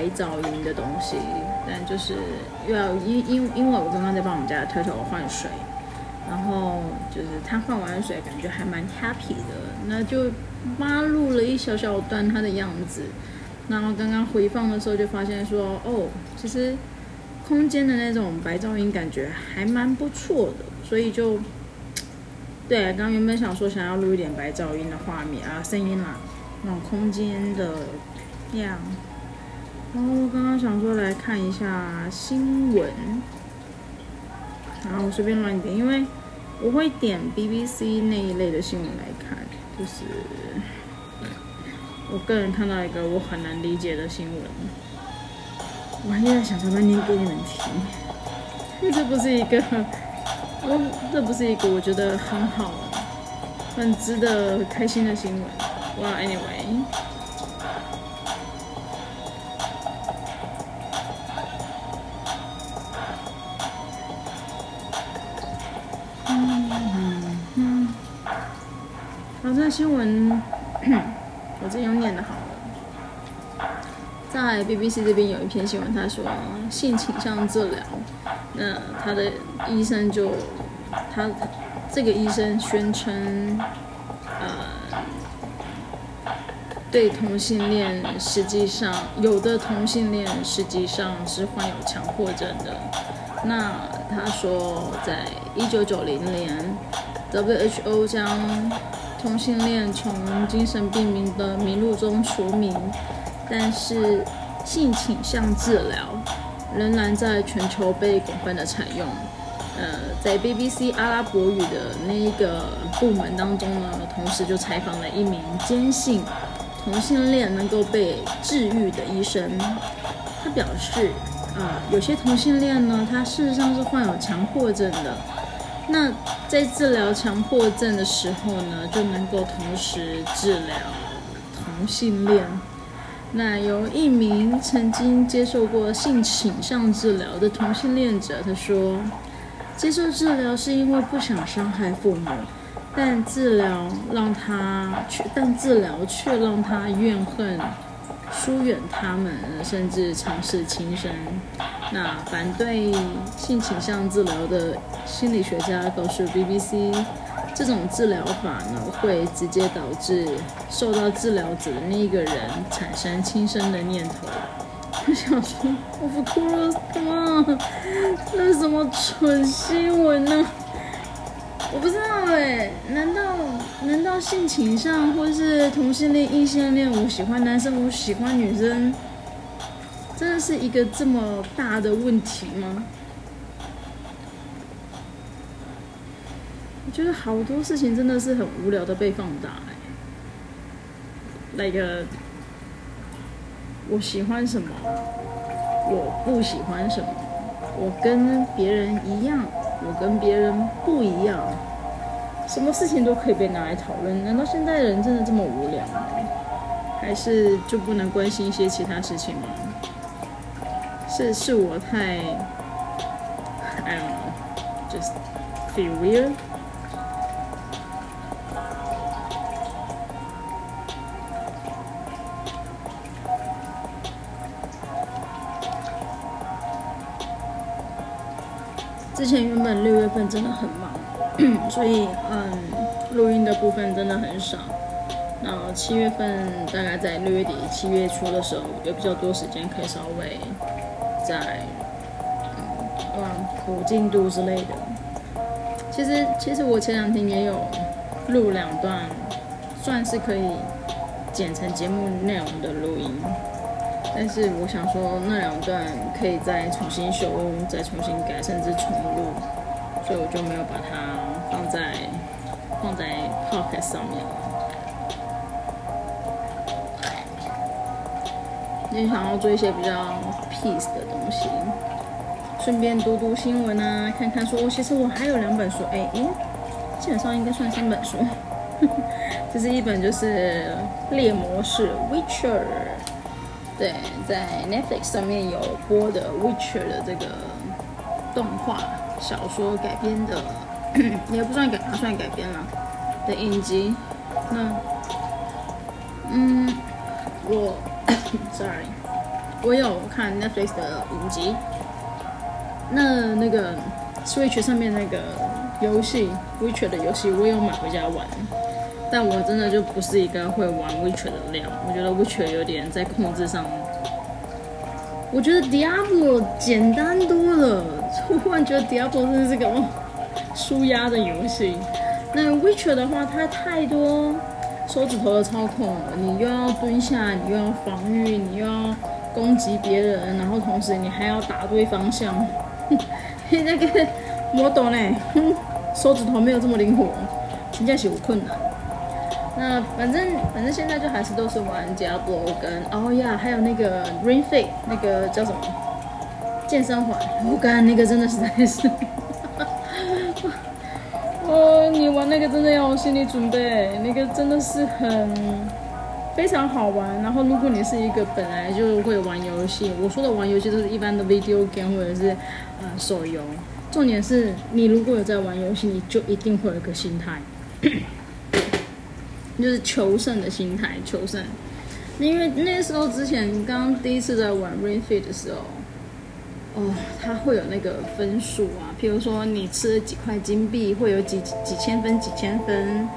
白噪音的東西，但就是又要因因因為我剛剛在幫我們家的 turtle 換水，然後就是他換完水感覺還蠻 happy 的，那就媽錄了一小小段他的樣子，然後剛剛回放的時候就發現說，哦，其實空間的那種白噪音感覺還蠻不錯的，所以就對、啊，剛剛原本想說想要錄一點白噪音的畫面啊聲音啦、啊，那種空間的樣子。然後我剛剛想說來看一下新聞，然後我隨便亂一點，因為我會點 BBC 那一類的新聞來看。就是我個人看到一個我很難理解的新聞，我還在想說，怎麼念給你們聽。這不是一個，我這不是一個我覺得很好玩、很值得很開心的新聞。哇，well, anyway。我在、哦、新聞，我這近念的好了。在 BBC 這邊有一篇新聞，他說性傾向治療，那他的醫生就他這個醫生宣稱，呃，對同性戀，實際上有的同性戀實際上是患有強迫症的。那他說在、在一九九零年，WHO 將同性戀從精神病名的名錄中除名，但是性傾向治療仍然在全球被廣泛的採用。呃，在 BBC 阿拉伯語的那一個部門當中呢，同時就採訪了一名堅信同性戀能夠被治癒的醫生。他表示，啊、呃，有些同性戀呢，他事實上是患有強迫症的。那在治療強迫症的時候呢，就能夠同時治療同性戀。那有一名曾經接受過性傾向治療的同性戀者，他說，接受治療是因為不想傷害父母，但治療讓他却，但治療却讓他怨恨。疏遠他們，甚至嘗試輕生。那反對性傾向治療的心理學家告訴 BBC，這種治療法呢，會直接導致受到治療者的那一個人產生輕生的念頭。我想說，我不哭了，come on，那是什麼蠢新聞呢？我不知道哎、欸，難道？難道性傾向或是同性戀、異性戀、戀？我喜歡男生，我喜歡女生，真的是一個這麼大的問題嗎？我覺得好多事情真的是很無聊的被放大。欸。那個，我喜歡什麼？我不喜歡什麼？我跟別人一樣？我跟別人不一樣？什麼事情都可以被拿來討論？難道現在人真的這麼無聊嗎？還是就不能關心一些其他事情嗎？是是我太 ……I don't know, just feel weird. 之前原本六月份真的很忙。所以，嗯，錄音的部分真的很少。然後七月份大概在六月底、七月初的時候，有比較多時間可以稍微再嗯，往補進度之類的。其實，其實我前兩天也有錄兩段，算是可以剪成節目內容的錄音。但是我想說，那兩段可以再重新修、再重新改，甚至重錄，所以我就沒有把它。在放在 pocket 上面了，你想要做一些比較 peace 的東西，順便讀讀新聞啊，看看書，哦。其實我還有兩本書，哎、欸、咦、欸，基本上應該算三本書呵呵。這是一本就是《獵魔士》（Witcher），對，在 Netflix 上面有播的《Witcher》的這個動畫小說改編的。 也不算改，啊、算改編了的、嗯 sorry、的影集。那，嗯，我 sorry，我有看 Netflix 的影集。那那個 Switch 上面那個遊戲，Witcher 的遊戲，我有買回家玩。但我真的就不是一個會玩 Witcher 的料。我覺得 Witcher 有點在控制上，我覺得 Diablo 簡單多了。突然覺得 Diablo 真的是個夢。紓壓的遊戲，那 Witcher 的話，它太多手指頭的操控了，你又要蹲下，你又要防禦，你又要攻擊別人，然後同時你還要打對方向。 那個 model 呢？哼，手指頭沒有這麼靈活，現在是有困難。那反正反正現在就還是都是玩 Diablo 跟 Oh Yeah，還有那個 Ring Fit 那個叫什麼健身環，我剛剛那個真的實在是。哦，你玩那個真的要有心理準備，那個真的是很非常好玩。然後，如果你是一個本來就會玩遊戲，我說的玩遊戲都是一般的 video game 或者是呃手遊。重點是你如果有在玩遊戲，你就一定會有一個心態，就是求勝的心態，求勝。因為那時候之前剛剛第一次在玩 Rainfeed 的時候。哦，它會有那個分數啊，譬如說你吃了幾塊金幣，會有幾幾千分幾千分，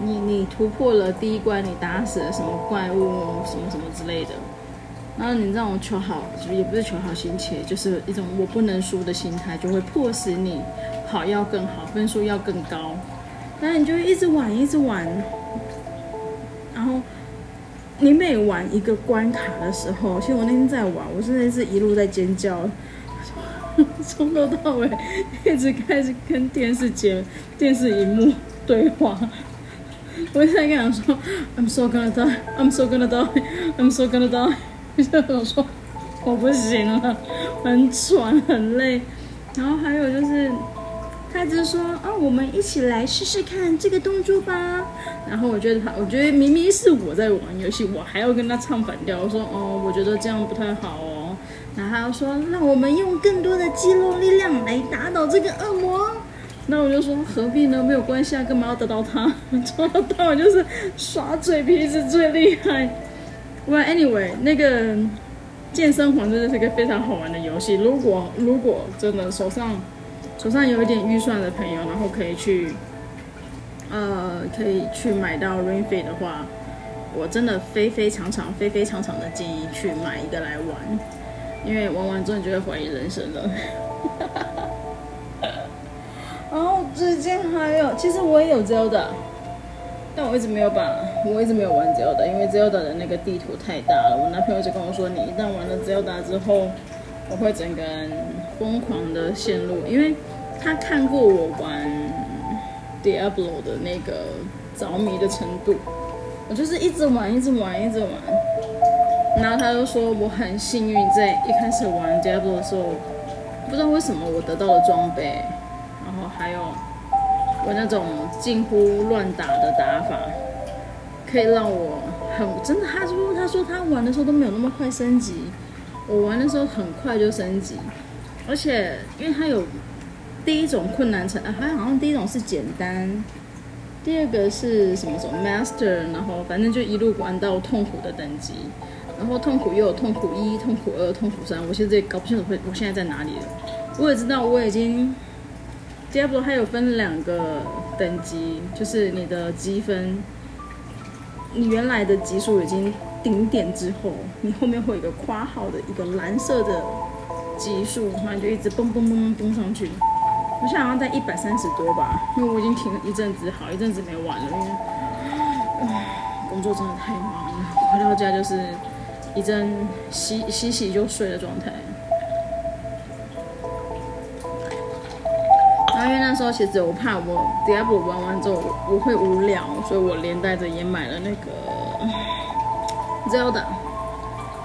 你你突破了第一關，你打死了什麼怪物什麼什麼之類的。然後你讓我求好，也不是求好心切，就是一種我不能輸的心態，就會迫使你好要更好，分數要更高。那你就會一直玩一直玩，然後你每玩一個關卡的時候，其實我那天在玩，我真的是一路在尖叫。從頭到尾一直開始跟電視節電視熒幕對話，我一直在跟他說 I'm so gonna die I'm so gonna die I'm so gonna die 一直在跟我說我不行了，很喘很累，然後還有就是他一直說啊、哦、我們一起來試試看這個動作吧，然後我覺得他我覺得明明是我在玩遊戲，我還要跟他唱反調，我說哦我覺得這樣不太好哦。然後說，讓我們用更多的肌肉力量來打倒這個惡魔。那我就說，何必呢？沒有關係啊，幹嘛要打倒他？他當然就是耍嘴皮子最厲害。Well, anyway, 那個健身環真的是一個非常好玩的遊戲。如果如果真的手上手上有一點預算的朋友，然後可以去呃可以去買到 Ring Fit 的話，我真的非非常長非非常長的建議去買一個來玩。因為玩完之後你就會懷疑人生了， 然後最近還有，其實我也有《Zelda》，但我一直沒有把，我一直沒有玩《Zelda》，因為《Zelda》的那個地圖太大了。我男朋友就跟我說，你一旦玩了《Zelda》之後，我會整個人瘋狂的陷入，因為他看過我玩《Diablo》的那個着迷的程度，我就是一直玩，一直玩，一直玩。然後他就說我很幸運，在一開始玩 Diablo 的時候，不知道為什麼我得到了裝備，然後還有我那種近乎亂打的打法，可以讓我很真的。他說他說他玩的時候都沒有那麼快升級，我玩的時候很快就升級，而且因為他有第一種困難程，他好像第一種是簡單，第二個是什麼什麼 master，然後反正就一路玩到痛苦的等級。然後痛苦又有痛苦一、痛苦二、痛苦三，我現在搞不清楚我我現在在哪裡了。我也知道我已經 double 它，有分兩個等級，就是你的積分，你原來的級數已經頂點之後，你後面會有一個括號的一個藍色的級數，那你就一直蹦蹦蹦蹦蹦蹦上去。我現在好像在一百三十多吧，因為我已經停了一陣子好，好一陣子沒玩了，因為工作真的太忙了，回到家就是。一陣洗洗洗就睡的狀態。然，啊、後因為那時候其實我怕我 Diablo 玩完之後我會無聊，所以我連帶着也買了那個 Zelda。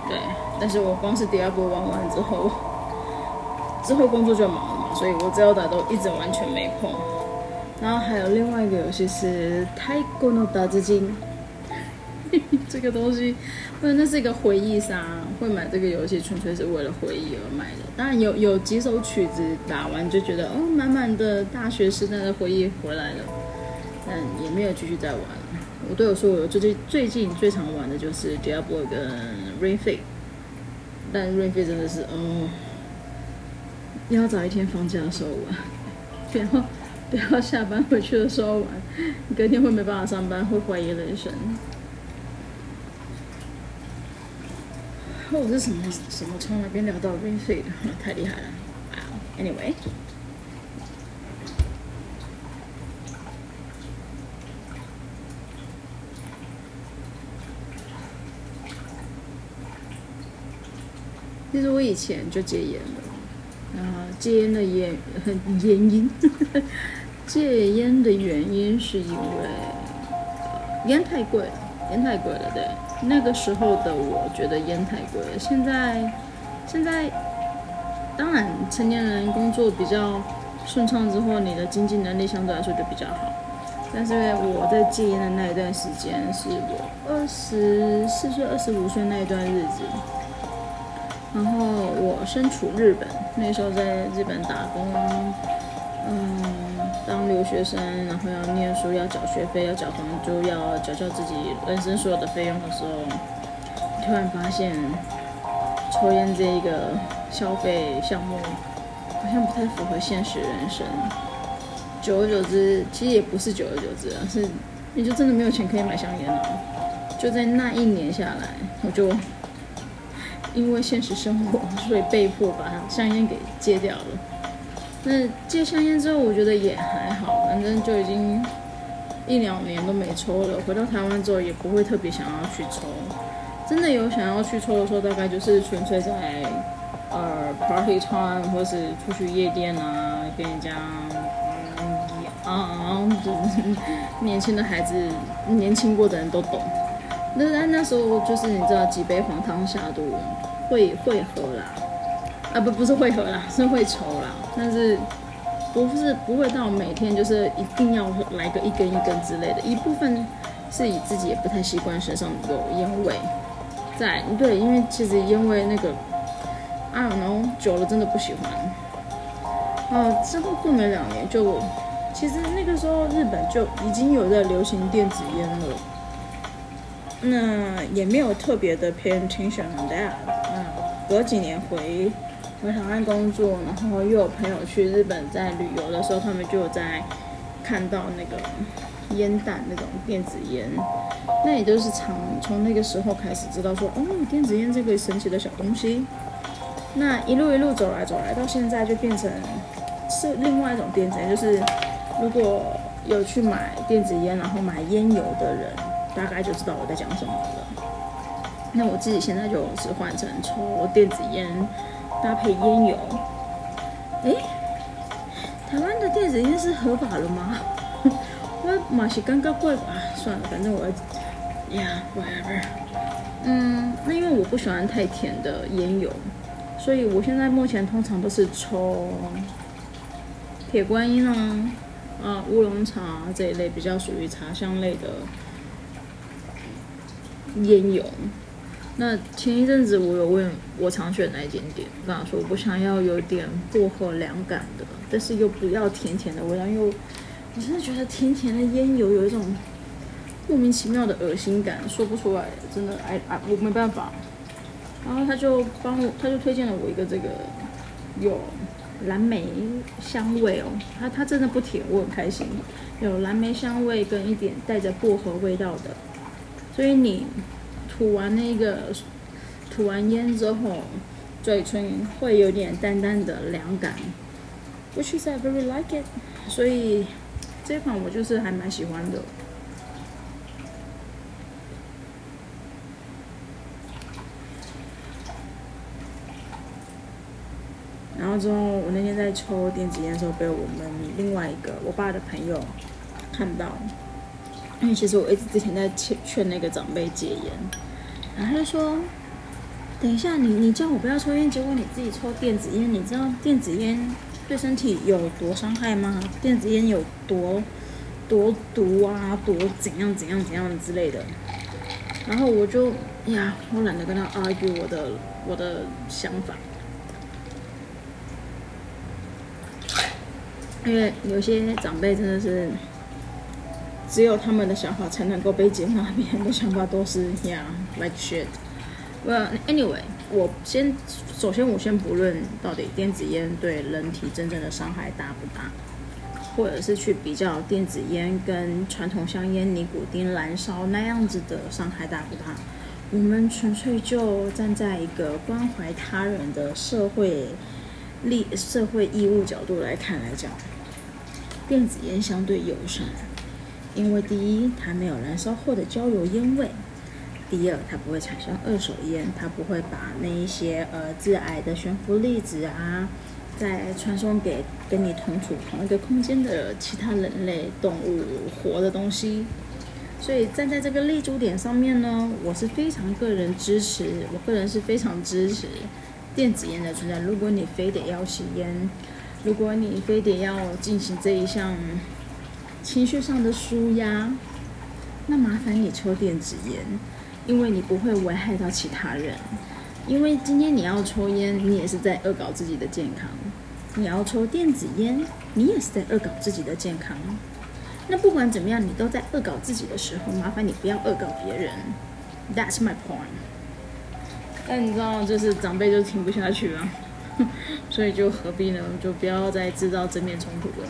對，但是我光是 Diablo 玩完之後，之後工作就忙了嘛，所以我 Zelda 都一直完全沒空。然後還有另外一個遊戲是太鼓の達人， 這個東西。對，那是一個回憶殺。會買這個遊戲純粹是為了回憶而買的。當然有有幾首曲子打完就覺得，哦，滿滿的大學時代的回憶回來了。但也沒有繼續再玩了。我都有說，我最近最近最常玩的就是 Diablo 跟 Ring Fit，但 Ring Fit 真的是，哦，要早一天放假的時候玩， 不要不要下班回去的時候玩，你隔天會沒辦法上班，會懷疑人生。哦，是什麼什麼從那邊聊到邊睡的，太厲害了，哇、wow！Anyway，其實我以前就戒菸了，然後戒菸的原原因，戒菸的原因是因為菸太貴了，菸太貴了，對。那個時候的我覺得菸太貴了，現在，現在，當然成年人工作比較順暢之後，你的經濟能力相對來說就比較好。但是我在戒菸的那一段時間，是我二十四歲、二十五歲那一段日子，然後我身處日本，那時候在日本打工。留學生，然後要念書，要繳學費，要繳房租，就要繳交自己人生所有的費用的時候，突然發現，抽菸這一個消費項目好像不太符合現實人生。久而久之，其實也不是久而久之啊，是你就真的沒有錢可以買香菸了。就在那一年下來，我就因為現實生活，所以被迫把香菸給戒掉了。那戒香煙之後，我覺得也還好，反正就已經一兩年都沒抽了。回到台灣之後，也不會特別想要去抽。真的有想要去抽的時候，大概就是純粹在呃 party time 或是出去夜店啊，跟人家嗯啊、嗯嗯，就是年輕的孩子，年輕過的人都懂。那那那時候就是你知道幾杯黃湯下肚，會會喝啦，啊不不是會喝啦，是會抽啦。但是不是不會到每天就是一定要來個一根一根之類的，一部分是以自己也不太習慣身上有菸味，在對，因為其實菸味那個啊，然後久了真的不喜歡。哦、呃，之後過沒兩年就，其實那個時候日本就已經有在流行電子菸了，那也沒有特別的偏選很大那，隔幾年回。台灣工作，然後又有朋友去日本，在旅遊的時候，他們就在看到那個菸彈那種電子菸，那也就是常從那個時候開始知道說，哦，電子菸這個神奇的小東西。那一路一路走來走來，到現在就變成是另外一種電子菸，就是如果有去買電子菸，然後買菸油的人，大概就知道我在講什麼了。那我自己現在就是換成抽電子菸。搭配煙油，誒、欸，台灣的電子煙是合法了嗎？ 我馬戲剛剛過吧，算了，反正我，要，呀 whatever 嗯，那因為我不喜歡太甜的煙油，所以我現在目前通常都是抽鐵觀音、哦、啊、啊烏龍茶這一類比較屬於茶香類的煙油。那前一陣子我有問我常選哪一間店，我跟他說我想要有點薄荷涼感的，但是又不要甜甜的味道，因為我真的覺得甜甜的菸油有一種莫名其妙的惡心感，說不出來，真的哎、啊、我沒辦法。然後他就幫我，他就推薦了我一個這個有藍莓香味哦，他他真的不甜，我很開心，有藍莓香味跟一點帶着薄荷味道的，所以你。吐完那個吐完煙之後，嘴唇會有點淡淡的涼感，Which is I very like it。所以這款我就是還蠻喜歡的。然後之後我那天在抽電子煙的時候，被我們另外一個我爸的朋友看到，因為其實我一直之前在勸勸那個長輩戒菸。然後他就說，等一下你，你你叫我不要抽煙，結果你自己抽電子煙。你知道電子煙對身體有多傷害嗎？電子煙有多多毒啊，多怎樣怎樣怎樣之類的。然後我就呀，我懶得跟他 argue 我的我的想法，因為有些長輩真的是。只有他們的想法才能夠被接納，別人的想法都是一樣、yeah。like shit。Well, anyway，我先首先我先不論到底電子煙對人體真正的傷害大不大，或者是去比較電子煙跟傳統香煙尼古丁燃燒那樣子的傷害大不大，我們純粹就站在一個關懷他人的社會利社會義務角度來看來講，電子煙相對友善。因為第一，它沒有燃燒後的焦油煙味；第二，它不會產生二手煙，它不會把那一些呃致癌的懸浮粒子啊，再傳送給跟你同處同一個空間的其他人類、動物、活的東西。所以站在這個立足點上面呢，我是非常個人支持，我個人是非常支持電子煙的存在。如果你非得要吸煙，如果你非得要進行這一項。情緒上的紓壓，那麻煩你抽電子煙，因為你不會危害到其他人。因為今天你要抽煙，你也是在惡搞自己的健康；你要抽電子煙，你也是在惡搞自己的健康。那不管怎麼樣，你都在惡搞自己的時候，麻煩你不要惡搞別人。That's my point。但你知道，就是長輩就聽不下去了， 所以就何必呢？就不要再製造正面衝突了。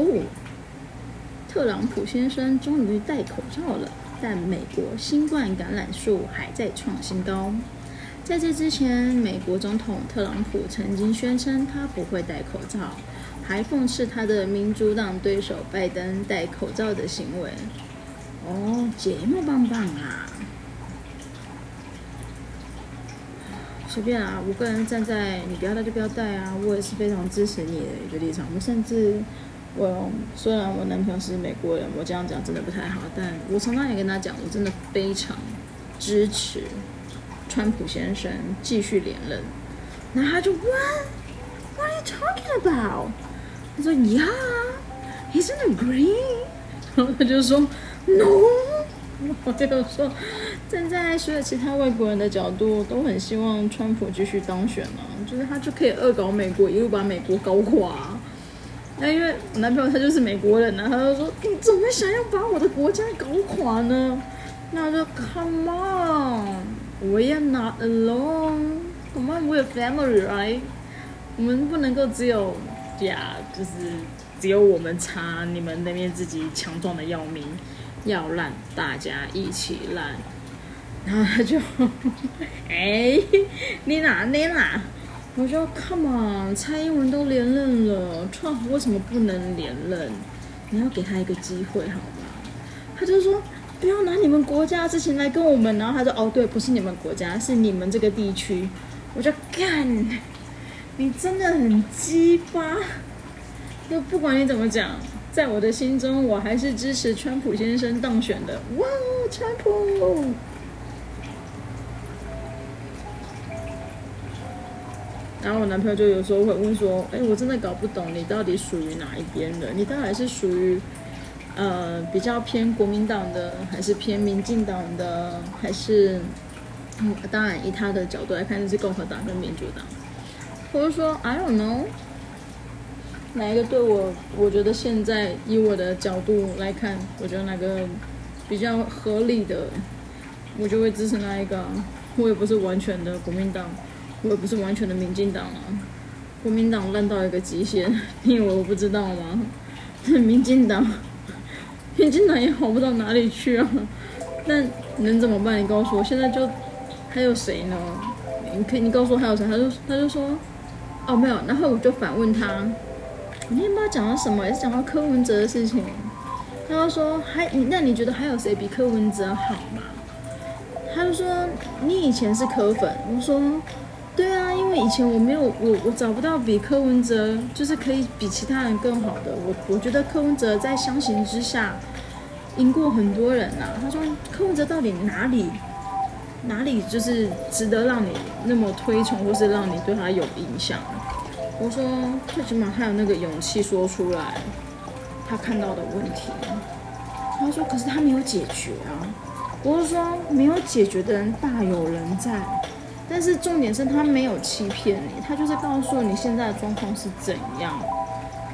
哦，特朗普先生終於戴口罩了，但美國新冠感染數還在創新高。在這之前，美國總統特朗普曾經宣稱他不會戴口罩，還諷刺他的民主黨對手拜登戴口罩的行為。哦，節目棒棒啊！隨便啊，我個人站在你不要戴就不要戴啊，我也是非常支持你的一個立場。我們甚至。我、well, 雖然我男朋友是美國人，我這樣講真的不太好，但我常常也跟他講，我真的非常支持川普先生繼續連任。然後他就問 What? What are you talking about？他說 Yeah，he's not agree。然後他就說 No。我最後說，站在所有其他外國人的角度，都很希望川普繼續當選嘛、啊，就是他就可以惡搞美國，一路把美國搞垮。那因為我男朋友他就是美國人、啊，然後他就說：“你怎麼想要把我的國家搞垮呢？”那他 Come on, we are not alone. Come on, we have family, right？我們不能夠只有，呀、yeah,，就是只有我們差，你們那邊自己強壯的要命，要爛，大家一起爛。”然後他就，哎，你拿，你拿。我就要看嘛，on, 蔡英文都連任了，川普為什麼不能連任？你要給他一個機會，好嗎？他就說不要拿你們國家的事情來跟我們，然後他說哦對，不是你們國家，是你們這個地區。我就幹，你真的很雞巴。就不管你怎麼講，在我的心中，我還是支持川普先生當選的。哇哦，川普！然後我男朋友就有時候會問說：“哎，我真的搞不懂你到底屬於哪一邊的？你到底是屬於，呃，比較偏國民黨的，還是偏民進黨的？還是，嗯，當然以他的角度來看，就是共和黨跟民主黨。或者說，I don't know，哪一個對我，我覺得現在以我的角度來看，我覺得哪個比較合理的，我就會支持哪一個。我也不是完全的國民黨。”我也不是完全的民進黨啊，國民黨爛到一個極限，你以為我不知道嗎？民進黨，民進黨也好不到哪裡去啊。那能怎麼辦？你告訴我，現在就還有誰呢？你可你告訴我還有誰？他就他就說，哦沒有。然後我就反問他，你也不知道講了什麼，也是講到柯文哲的事情。他就說還你那你覺得還有誰比柯文哲好嗎？他就說你以前是柯粉。我說。對啊，因為以前我沒有，我我找不到比柯文哲就是可以比其他人更好的。我我覺得柯文哲在相形之下贏過很多人吶、啊。他說柯文哲到底哪裡哪裡就是值得讓你那麼推崇，或是讓你對他有印象、啊？我說最起碼他有那個勇氣說出來他看到的問題。他說可是他沒有解決啊。我說沒有解決的人大有人在。但是重點是他沒有欺騙你，他就是告訴你現在的狀況是怎樣。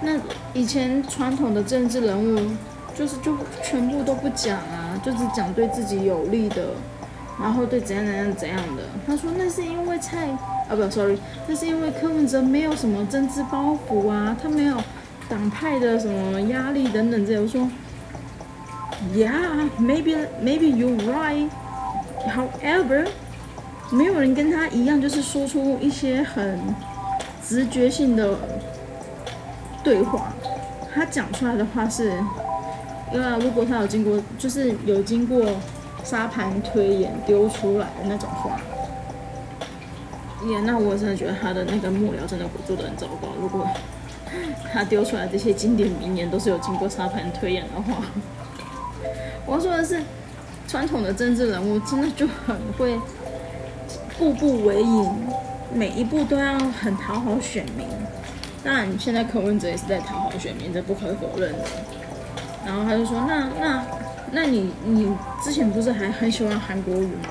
那以前傳統的政治人物，就是就全部都不講啊，就只講對自己有利的，然後對怎樣怎樣怎樣的。他說那是因為蔡啊不，不，sorry，那是因為柯文哲沒有什麼政治包袱啊，他沒有黨派的什麼壓力等等這些。我說，Yeah，maybe maybe you right，however。沒有人跟他一樣，就是說出一些很直覺性的對話。他講出來的話是，因為如果他有經過，就是有經過沙盤推演丟出來的那種話。耶，那我真的覺得他的那個幕僚真的會做得很糟糕。如果他丟出來的這些經典名言都是有經過沙盤推演的話，我說的是，傳統的政治人物真的就很會。步步為營，每一步都要很討好選民。當然，現在柯文哲也是在討好選民，這不可否認的。然後他就說：“那那那你你之前不是還很喜歡韓國瑜嗎？”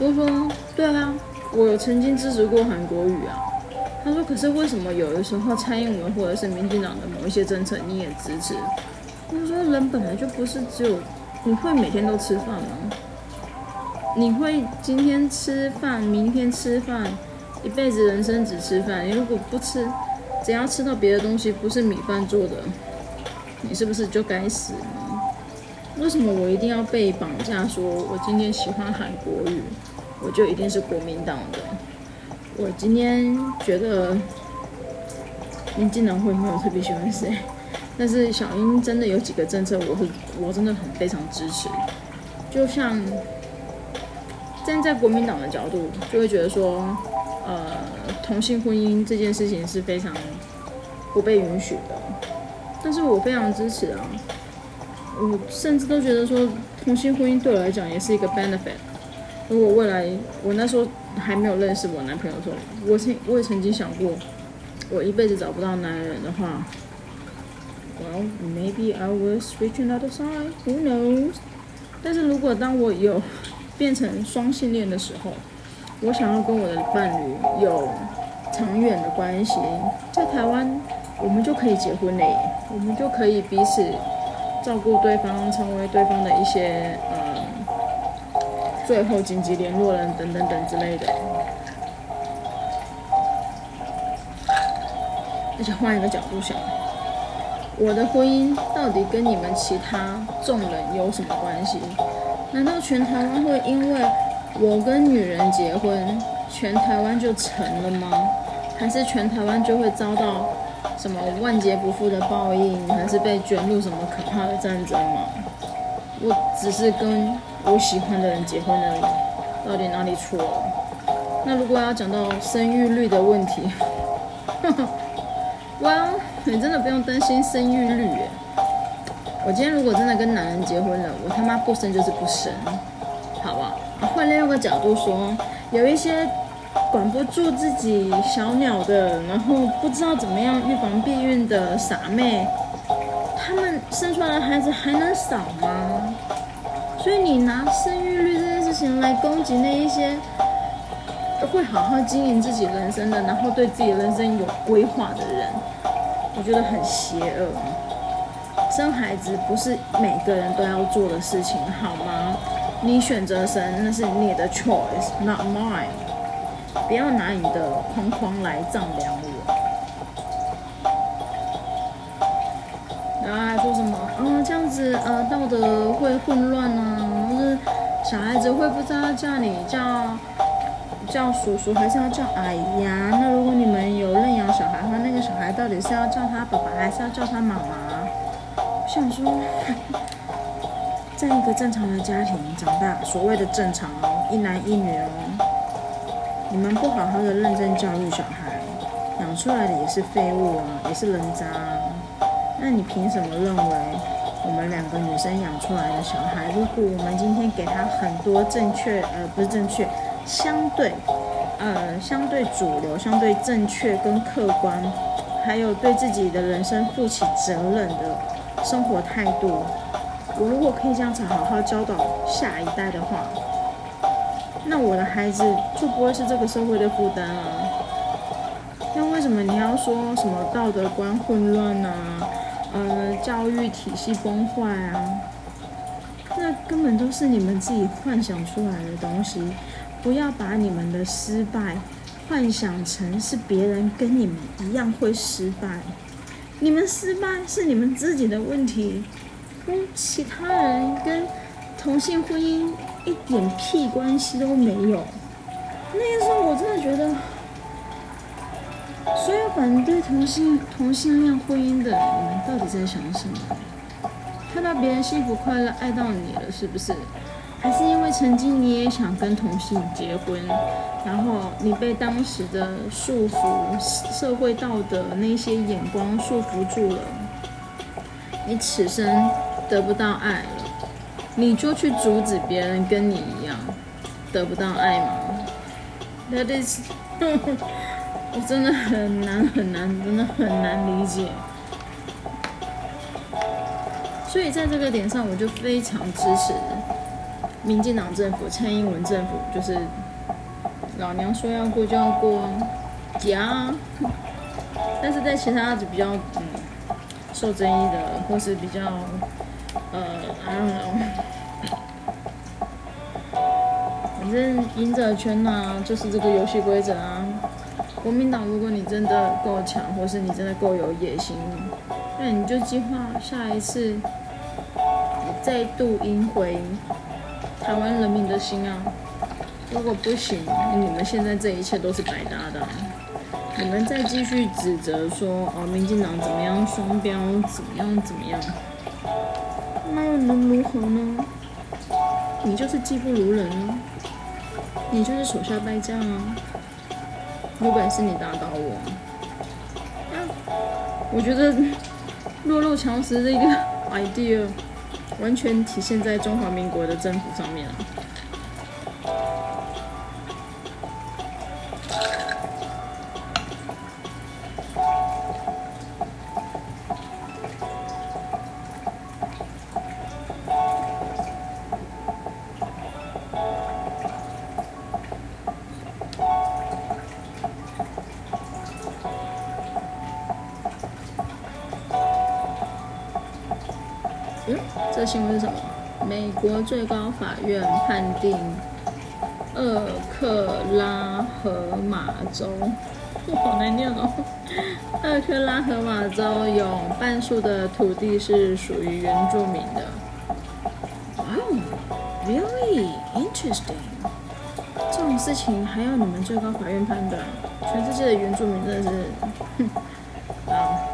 我就說：“對啊，我有曾經支持過韓國瑜啊。”他說：“可是為什麼有的時候蔡英文或者是民進黨的某一些政策你也支持？”我就說：“人本來就不是只有，你會每天都吃飯嗎？”你會今天吃飯，明天吃飯，一輩子人生只吃飯。你如果不吃，只要吃到別的東西不是米飯做的，你是不是就該死呢？為什麼我一定要被綁架？說我今天喜歡韓國語，我就一定是國民黨的。我今天覺得民進黨會沒有特別喜歡誰，但是小英真的有幾個政策我，我是我真的很非常支持，就像。但在國民黨的角度，就會覺得說，呃，同性婚姻這件事情是非常不被允許的。但是我非常支持啊，我甚至都覺得說，同性婚姻對我來講也是一個 benefit。如果未來我那時候還沒有認識我男朋友的時候，我曾我也曾經想過，我一輩子找不到男人的話，我、well, maybe I will switch another side，who knows？但是如果當我有變成雙性戀的時候，我想要跟我的伴侶有長遠的關係，在台灣我們就可以結婚嘞，我們就可以彼此照顧對方，成為對方的一些嗯，最後緊急聯絡人等等等之類的。而且換一個角度想，我的婚姻到底跟你們其他眾人有什麼關係？難道全台灣會因為我跟女人結婚，全台灣就成沉了嗎？還是全台灣就會遭到什麼萬劫不復的報應，還是被捲入什麼可怕的戰爭嗎？我只是跟我喜歡的人結婚而已，到底哪裡錯了？那如果要講到生育率的問題，哇，well, 你真的不用擔心生育率欸。我今天如果真的跟男人結婚了，我他媽不生就是不生，好不好？換另外一個角度說，有一些管不住自己小鳥的，然後不知道怎麼樣預防避孕的傻妹，他們生出來的孩子還能少嗎？所以你拿生育率這件事情來攻擊那一些會好好經營自己人生的，然後對自己人生有規劃的人，我覺得很邪惡。生孩子不是每個人都要做的事情，好嗎？你選擇生，那是你的 choice，not mine。不要拿你的框框來丈量我。然後還說什麼啊、嗯？這樣子，呃，道德會混亂呢、啊，就是小孩子會不知道叫你叫叫叔叔還是要叫阿姨呀、啊。那如果你們有認養小孩的話，那那個小孩到底是要叫他爸爸還是要叫他媽媽？想說，在一個正常的家庭長大，所謂的正常哦，一男一女哦，你們不好好的認真教育小孩，養出來的也是廢物啊，也是人渣啊。那你憑什麼認為我們兩個女生養出來的小孩，如果我們今天給他很多正確，呃，不是正確，相對，呃，相對主流、相對正確跟客觀，還有對自己的人生負起責任的？生活態度，我如果可以這樣子好好教導下一代的話，那我的孩子就不會是這個社會的負擔了。那為什麼你要說什麼道德觀混亂啊，呃，教育體系崩壞啊？那根本都是你們自己幻想出來的東西。不要把你們的失敗幻想成是別人跟你們一樣會失敗。你們失敗是你們自己的問題，跟、嗯、其他人跟同性婚姻一點屁關係都沒有。那個時候我真的覺得，所有反對同性同性戀婚姻的，你們到底在想什麼？看到別人幸福快樂，愛到你了，是不是？還是因為曾經你也想跟同性結婚，然後你被當時的束縛、社會道德那些眼光束縛住了，你此生得不到愛了，你就去阻止別人跟你一樣得不到愛嗎？That is，我 真的很難很難，真的很難理解。所以在這個點上，我就非常支持。民進黨政府、蔡英文政府就是老娘說要過就要過，加。但是在其他比較、嗯、受爭議的或是比較呃，反正贏者全拿、啊、就是這個遊戲規則啊。國民黨，如果你真的夠強，或是你真的夠有野心，那、欸、你就計劃下一次再度贏回。台灣人民的心啊！如果不行，你們現在這一切都是白搭的、啊。你們再繼續指責說哦，民進黨怎麼樣，雙標怎麼樣怎麼樣，那又能如何呢？你就是技不如人，你就是手下敗將啊！有本事你打倒我！啊，啊我覺得弱肉強食的一個 idea。完全體現在中華民國的政府上面了。最高法院判定，俄克拉荷馬州，好難念哦。俄 克拉荷馬州有半數的土地是屬於原住民的。w、wow, really interesting！這種事情還要你們最高法院判斷？全世界的原住民真的是，嗯，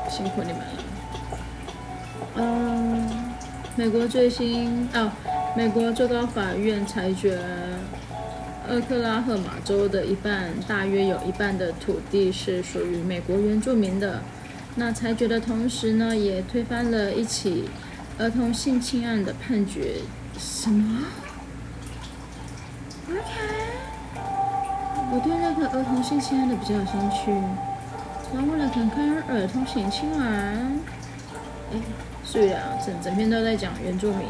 辛苦你們了。嗯，美國最新啊。哦美國最高法院裁決，俄克拉荷馬州的一半，大約有一半的土地是屬於美國原住民的。那裁決的同時呢，也推翻了一起兒童性侵案的判決。什麼？OK，我對那個兒童性侵案的比較有興趣。然後為了看看兒童性侵案，哎、欸，睡了、啊，整整篇都在講原住民。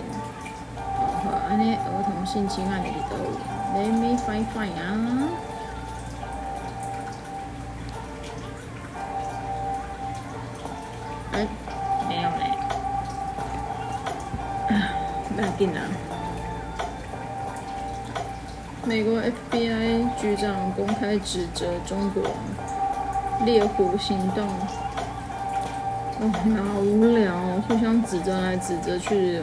那兒童性侵案的病毒，Let me find，欸，沒有嘞！沒啊，難聽啊！美國 FBI 局長公開指責中國“獵狐行動”哦。好無聊，哦，互相指責來指責去。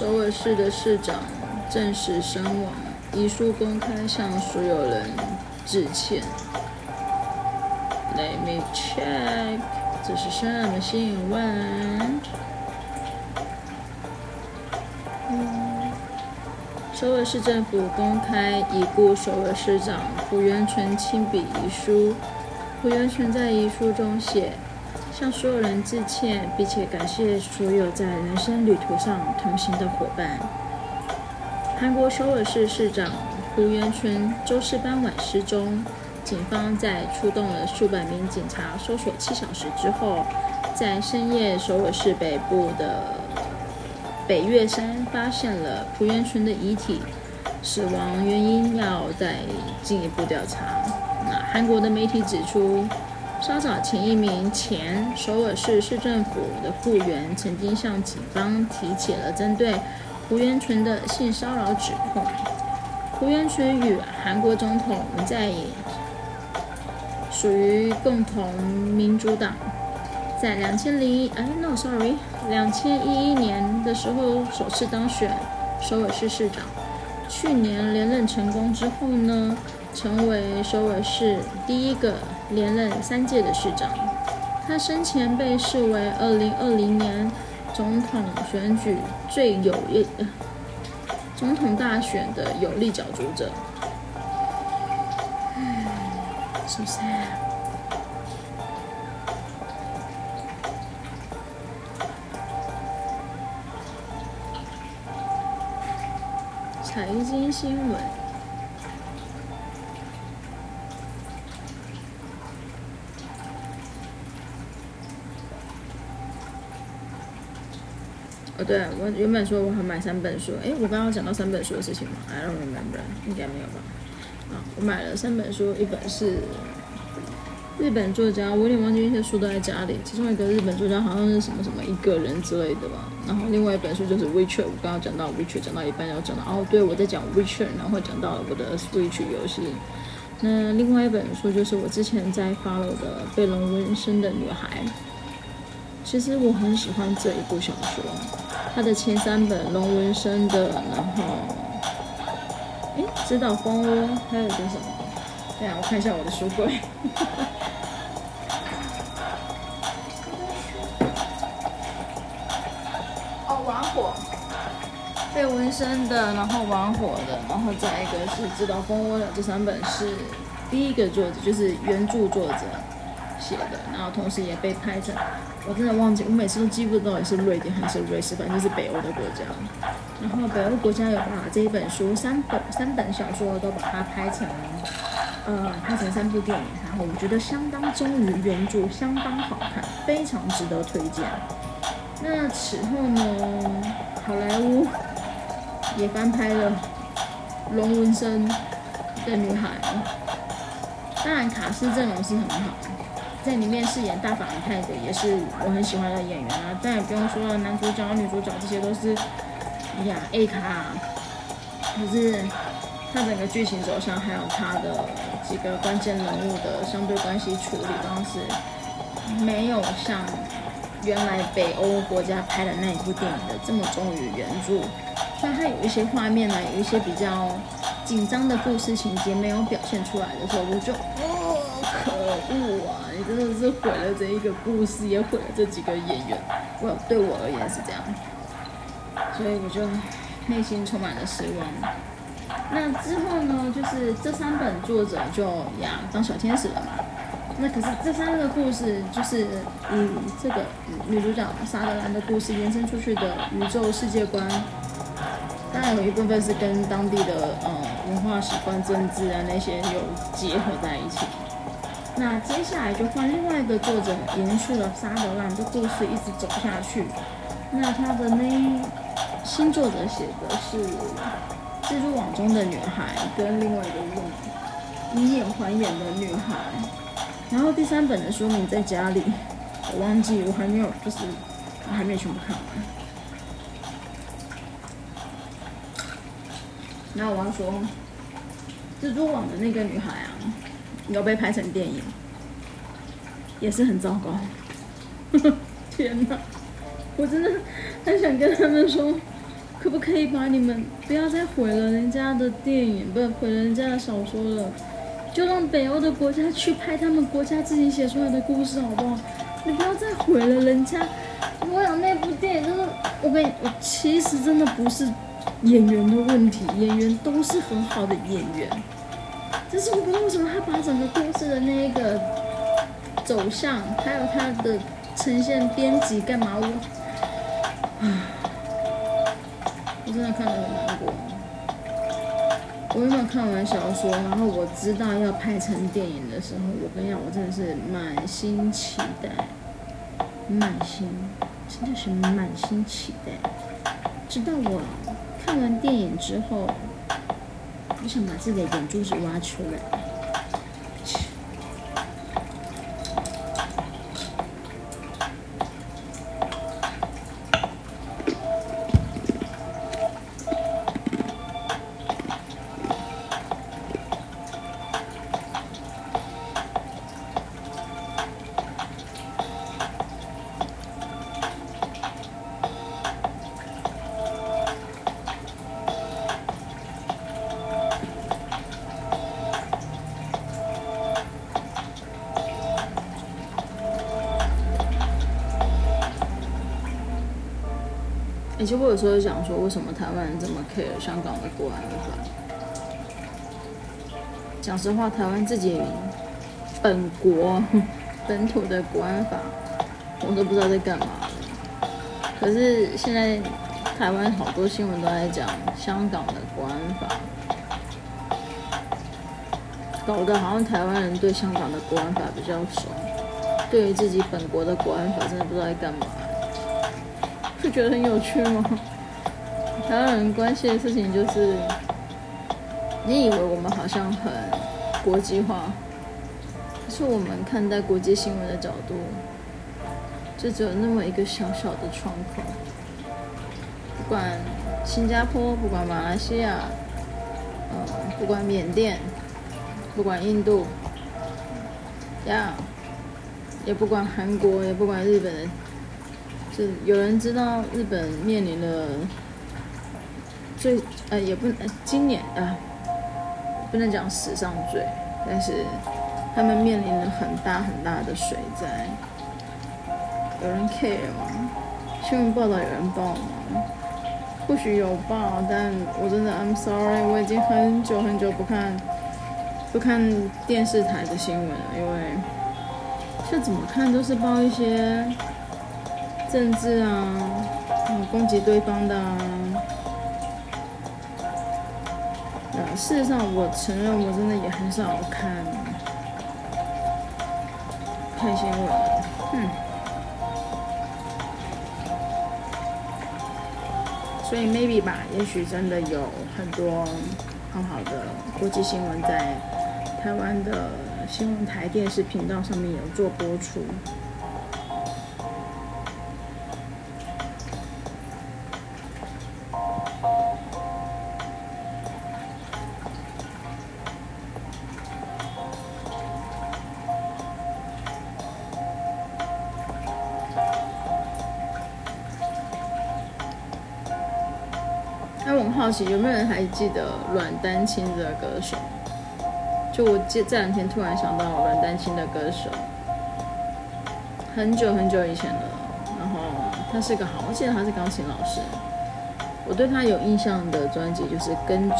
首爾市的市長正式身亡，遺書公開向所有人致歉。Let me check，這是什麼新聞？嗯，首爾市政府公開已故首爾市長朴元淳親筆遺書。朴元淳在遺書中寫。向所有人致歉，並且感謝所有在人生旅途上同行的夥伴。韓國首爾市市長朴元淳周四傍晚失蹤，警方在出動了數百名警察搜索七小時之後，在深夜首爾市北部的北岳山發現了朴元淳的遺體，死亡原因要再進一步調查。那韓國的媒體指出。稍早前，一名前首爾市市政府的僱員曾經向警方提起了針對胡元淳的性騷擾指控。胡元淳與韓國總統文在寅屬於共同民主黨，在兩千零一哎 no sorry 兩千一一年的時候首次當選首爾市市長，去年連任成功之後呢，成為首爾市第一個連任三屆的市長，他生前被視為2020年總統選舉最有力總統大選的有力角逐者，是不是？財經新聞。對我原本說我還買三本書，哎，我剛剛講到三本書的事情嗎？I don't remember，應該沒有吧。啊，我買了三本書，一本是日本作家，我有點忘記一些書都在家裡，其中一個日本作家好像是什麼什麼一個人之類的吧。然後另外一本書就是 Witcher，我剛剛講到 Witcher，講到一半要講到，哦，對，我在講 Witcher，然後講到了我的 Switch 遊戲。那另外一本書就是我之前在 follow 的《被龍紋身的女孩》，其實我很喜歡這一部小說。他的前三本龍紋身的，然後，哎，知道蜂窩，還有個什麼？對呀、啊，我看一下我的書櫃。 哦，玩火，被紋身的，然後玩火的，然後再一個是知道蜂窩的，這三本是第一個作者，就是原著作者寫的，然後同時也被拍成。我真的忘記，我每次都記不得到底是瑞典還是瑞士，反正就是北歐的國家。然後北歐國家有把這一本書三本三本小說都把它拍成，呃，拍成三部電影。然後我覺得相當忠於原著，相當好看，非常值得推薦。那此後呢，好萊塢也翻拍了《龍紋身的女孩》，當然卡司陣容是很好。在裡面飾演大反派的，也是我很喜歡的演員啊。但也不用說、啊、男主角、女主角，這些都是，哎呀，A 卡。可是，它整個劇情走向，還有它的幾個關鍵人物的相對關係處理方式，沒有像原來北歐國家拍的那一部電影的這麼忠於原著。雖然它有一些畫面呢，有一些比較緊張的故事情節沒有表現出來的時候，我就。可惡啊！你真的是毀了這一個故事，也毀了這幾個演員。我對我而言是這樣，所以我就內心充滿了失望。那之後呢？就是這三本作者就呀當小天使了嘛。那可是這三個故事，就是以、嗯、這個女主角沙德蘭的故事延伸出去的宇宙世界觀，當然有一部分是跟當地的呃文化、習慣、政治啊那些有結合在一起。那接下來就換另外一個作者，延續了沙德蘭這故事一直走下去。那他的那新作者寫的是《蜘蛛網中的女孩》跟另外一個《以眼還眼的女孩》。然後第三本的書名在家裡，我忘記，我還沒有，就是我、啊、還沒有全部看完。那我要說，《蜘蛛網的那個女孩》啊。你要被拍成電影，也是很糟糕。 天哪，我真的很想跟他們說，可不可以把你們不要再毀了人家的電影，不是毀人家的小說了，就讓北歐的國家去拍他們國家自己寫出來的故事，好不好？你不要再毀了人家。我想那部電影就是我跟你，我其實真的不是演員的問題，演員都是很好的演員。但是我不知道為什麼他把整個故事的那一個走向，還有他的呈現、編輯幹嘛我，我，我真的看得很難過。我有沒有看完小說，然後我知道要拍成電影的時候，我跟你講，我真的是滿心期待，滿心真的是滿心期待。直到我看完電影之後。我想把自己的眼珠子挖出來。你就會有時候想說，為什麼台灣人這麼 care 香港的國安法？講實話，台灣自己本國本土的國安法，我都不知道在幹嘛了。可是現在台灣好多新聞都在講香港的國安法，搞得好像台灣人對香港的國安法比較熟，對於自己本國的國安法，真的不知道在幹嘛。覺得很有趣嗎？台灣人關心的事情就是，你以為我們好像很國際化，可是我們看待國際新聞的角度，就只有那麼一個小小的窗口。不管新加坡，不管馬來西亞，嗯，不管緬甸，不管印度，呀，也不管韓國，也不管日本人。是有人知道日本面臨了最呃，也不、呃、今年啊、呃，不能講史上最，但是他們面臨了很大很大的水災。有人 care 嗎？新聞報道有人報嗎？或許有報，但我真的 I'm sorry，我已經很久很久不看不看電視台的新聞了，因為這怎麼看都是報一些。政治啊，啊，攻擊對方的啊，啊，事實上，我承認，我真的也很少看，看新聞，嗯，所以 maybe 吧，也許真的有很多很好的國際新聞在台灣的新聞台、電視頻道上面有做播出。有沒有人還記得阮丹青的歌手？就我這這兩天突然想到阮丹青的歌手，很久很久以前了。然後他是個好，我記得他是鋼琴老師。我對他有印象的專輯就是《跟蹤》，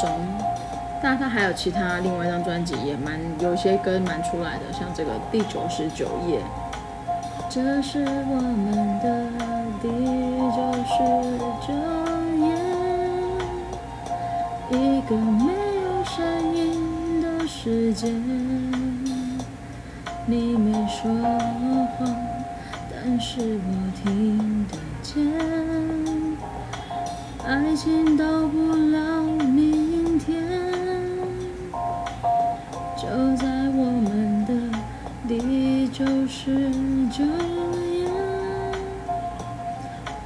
但他還有其他另外一張專輯也蠻有些歌蠻出來的，像這個《第九十九頁》，這是我們的第九十九頁。一個沒有聲音的世界，你沒說謊，但是我聽得見。愛情到不了明天，就在我們的第九十九頁，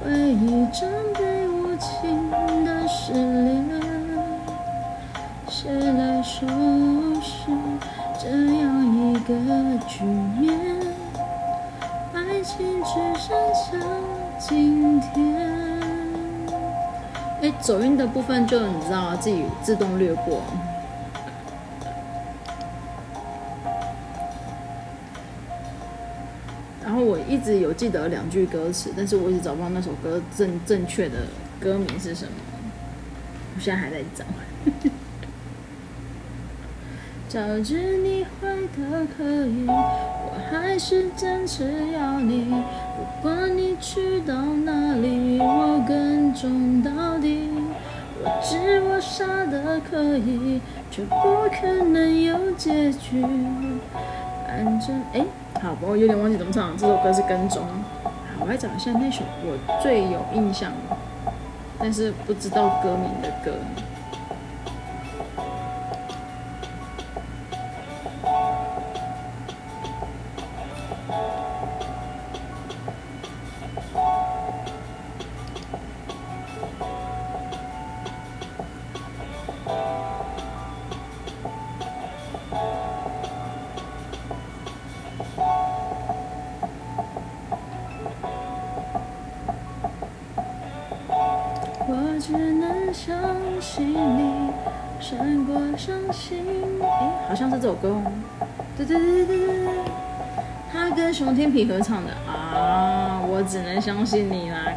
回憶真。說是這樣一個局面，愛情只剩下今天。哎，走音的部分就你知道自己自動略過。然後我一直有記得兩句歌詞，但是我一直找不到那首歌正正確的歌名是什麼？我現在還在找啊。早知你壞的可以，我還是堅持要你。不管你去到哪裡，我跟蹤到底。我知我傻的可以，卻不可能有結局。反正，哎、欸，好，我有點忘記怎麼唱了，啊，這首歌，是跟蹤。好，我來找一下那首我最有印象的，但是不知道歌名的歌。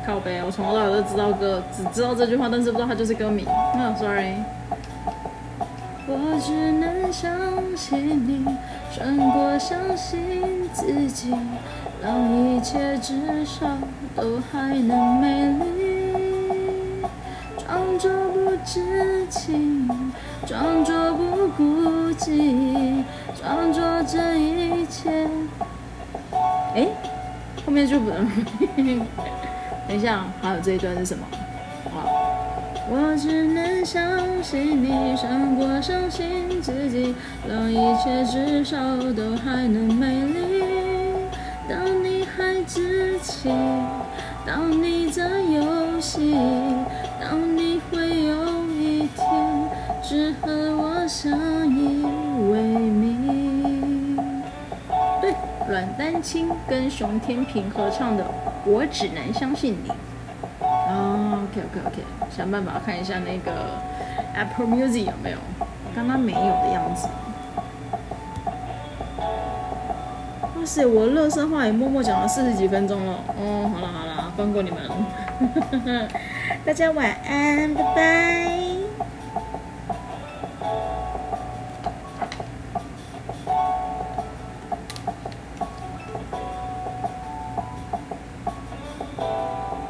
靠北！我從頭到尾都知道歌，只知道這句話，但是不知道它就是歌名。啊，oh, sorry。我只能相信你，勝過相信自己，讓一切至少都還能美麗。裝作不知情，裝作不孤寂，裝作這一切。哎，後面就不能。 等一下，還有這一段是什麼？好、oh.，我只能相信你，勝過相信自己，當一切至少都還能美麗。當你還自欺，當你在遊戲，當你會有一天只和我相依為命。對，阮丹青跟熊天平合唱的。我只能相信你。哦、oh,，OK OK OK，想辦法看一下那個 Apple Music 有沒有，剛剛沒有的樣子。哇塞，我垃圾話也默默講了四十幾分鐘了。哦、oh,，好了好了，放過你們了。 大家晚安，拜拜。